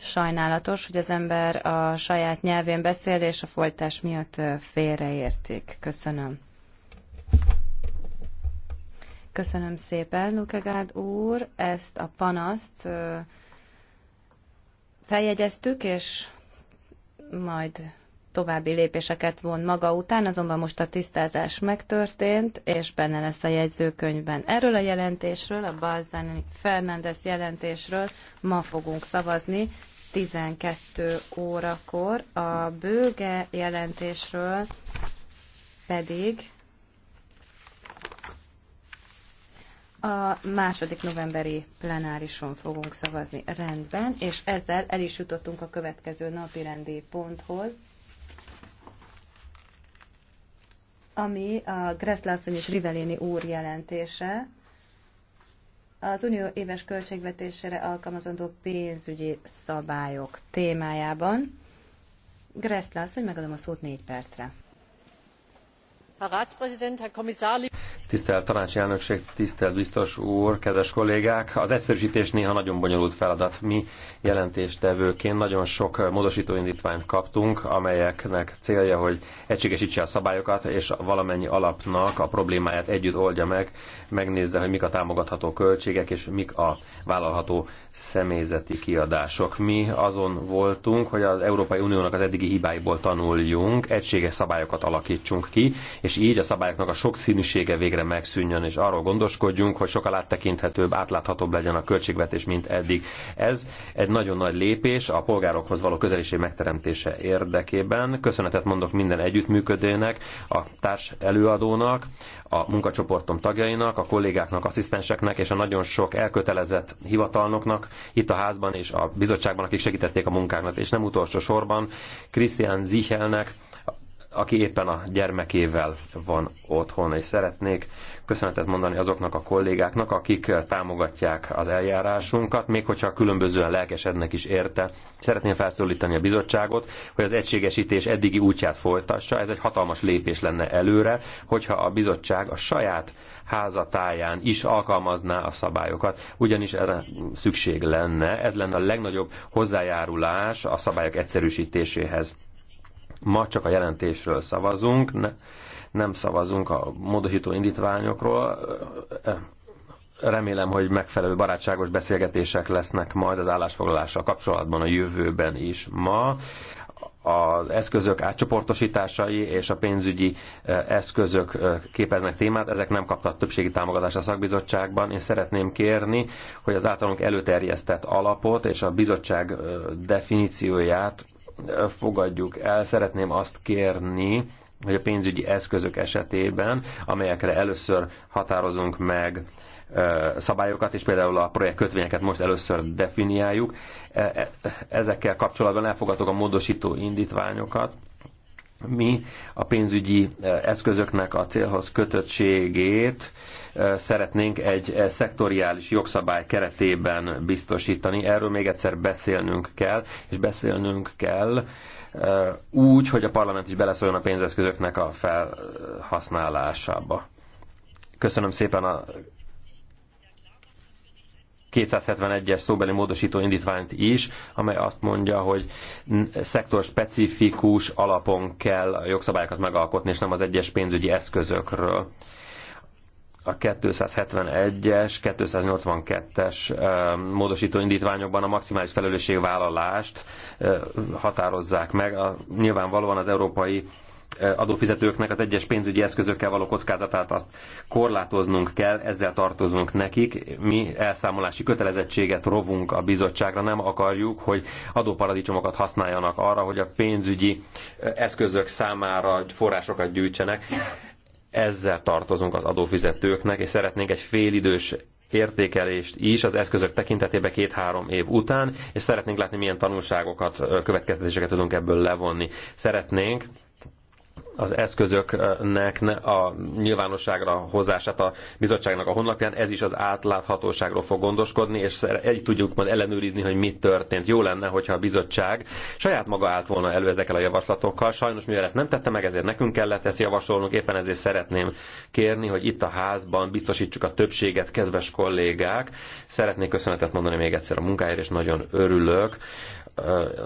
sajnálatos, hogy az ember a saját nyelvén beszél, és a folytás miatt félreértik. Köszönöm. Köszönöm szépen, Lukegárd úr. Ezt a panaszt feljegyeztük, és majd további lépéseket von maga után, azonban most a tisztázás megtörtént, és benne lesz a jegyzőkönyvben. Erről a jelentésről, a Balzani Fernández jelentésről ma fogunk szavazni 12 órakor, a bőge jelentésről pedig A második novemberi plenárison fogunk szavazni rendben, és ezzel el is jutottunk a következő napi rendi ponthoz. ami a Gresszlászony és Rivelini úr jelentése, az unió éves költségvetésére alkalmazandó pénzügyi szabályok témájában. Gresszlászony, megadom a szót négy percre. Herr Ratspräsident, Herr Kommissar, Tisztelt tanácsi elnökség, tisztelt biztos úr, kedves kollégák! Az egyszerűsítés néha nagyon bonyolult feladat. Mi jelentéstevőként nagyon sok módosítóindítványt indítványt kaptunk, amelyeknek célja, hogy egységesítse a szabályokat, és valamennyi alapnak a problémáját együtt oldja meg, megnézze, hogy mik a támogatható költségek, és mik a vállalható személyzeti kiadások. Mi azon voltunk, hogy az Európai Uniónak az eddigi hibáiból tanuljunk, egységes szabályokat alakítsunk ki, és így a szabályoknak a sokszínűsége végre megszűnjön, és arról gondoskodjunk, hogy sokkal áttekinthetőbb, átláthatóbb legyen a költségvetés, mint eddig. Ez egy nagyon nagy lépés a polgárokhoz való közeliség megteremtése érdekében. Köszönetet mondok minden együttműködőnek, a társ előadónak, a munkacsoportom tagjainak, a kollégáknak, asszisztenseknek és a nagyon sok elkötelezett hivatalnoknak itt a házban és a bizottságban, akik segítették a munkánkat, És nem utolsó sorban Krisztián Zichelnek, aki éppen a gyermekével van otthon, és szeretnék köszönetet mondani azoknak a kollégáknak, akik támogatják az eljárásunkat, még hogyha különbözően lelkesednek is érte. Szeretném felszólítani a bizottságot, hogy az egységesítés eddigi útját folytassa. Ez egy hatalmas lépés lenne előre, hogyha a bizottság a saját házatáján is alkalmazná a szabályokat, ugyanis erre szükség lenne. Ez lenne a legnagyobb hozzájárulás a szabályok egyszerűsítéséhez. Ma csak a jelentésről szavazunk, ne, nem szavazunk a módosító indítványokról. Remélem, hogy megfelelő barátságos beszélgetések lesznek majd az állásfoglalással kapcsolatban a jövőben is ma az eszközök átcsoportosításai és a pénzügyi e, eszközök e, képeznek témát, ezek nem kaptak többségi támogatást a szakbizottságban. Én szeretném kérni, hogy az általunk előterjesztett alapot és a bizottság e, definícióját fogadjuk el. Szeretném azt kérni, hogy a pénzügyi eszközök esetében, amelyekre először határozunk meg szabályokat, és például a projektkötvényeket most először definiáljuk, e, e, ezekkel kapcsolatban elfogadok a módosító indítványokat, mi a pénzügyi eh, eszközöknek a célhoz kötöttségét eh, szeretnénk egy eh, szektoriális jogszabály keretében biztosítani. Erről még egyszer beszélnünk kell, és beszélnünk kell úgy, hogy a parlament is beleszóljon a pénzeszközöknek a felhasználásába. Köszönöm szépen a 271-es szóbeli módosító indítványt is, amely azt mondja, hogy szektor specifikus alapon kell a jogszabályokat megalkotni, és nem az egyes pénzügyi eszközökről. A 271-es, 282-es módosító indítványokban a maximális felelősségvállalást határozzák meg. A, nyilvánvalóan az európai adófizetőknek az egyes pénzügyi eszközökkel való kockázatát azt korlátoznunk kell, ezzel tartozunk nekik. Mi elszámolási kötelezettséget rovunk a bizottságra, nem akarjuk, hogy adóparadicsomokat használjanak arra, hogy a pénzügyi eszközök számára forrásokat gyűjtsenek. Ezzel tartozunk az adófizetőknek, és szeretnénk egy félidős értékelést is az eszközök tekintetében két-három év után, és szeretnénk látni, milyen tanulságokat, következtetéseket tudunk ebből levonni. Szeretnénk, az eszközöknek a nyilvánosságra hozását a bizottságnak a honlapján, ez is az átláthatóságról fog gondoskodni, és egy tudjuk majd ellenőrizni, hogy mi történt. Jó lenne, hogyha a bizottság saját maga állt volna elő ezekkel a javaslatokkal. Sajnos, mivel ezt nem tette meg, ezért nekünk kellett ezt javasolnunk, éppen ezért szeretném kérni, hogy itt a házban biztosítsuk a többséget, kedves kollégák. Szeretnék köszönetet mondani még egyszer a munkáért, és nagyon örülök.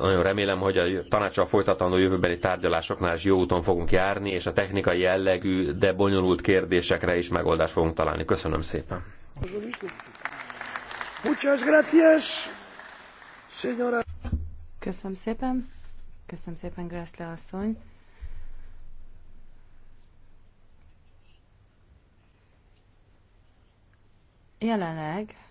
Nagyon remélem, hogy a tanácsal folytatandó jövőbeli tárgyalásoknál is jó úton fogunk járni járni, és a technikai jellegű, de bonyolult kérdésekre is megoldást fogunk találni. Köszönöm szépen. Muchas gracias, señora. Köszönöm szépen. Köszönöm szépen, Grászle asszony. Jelenleg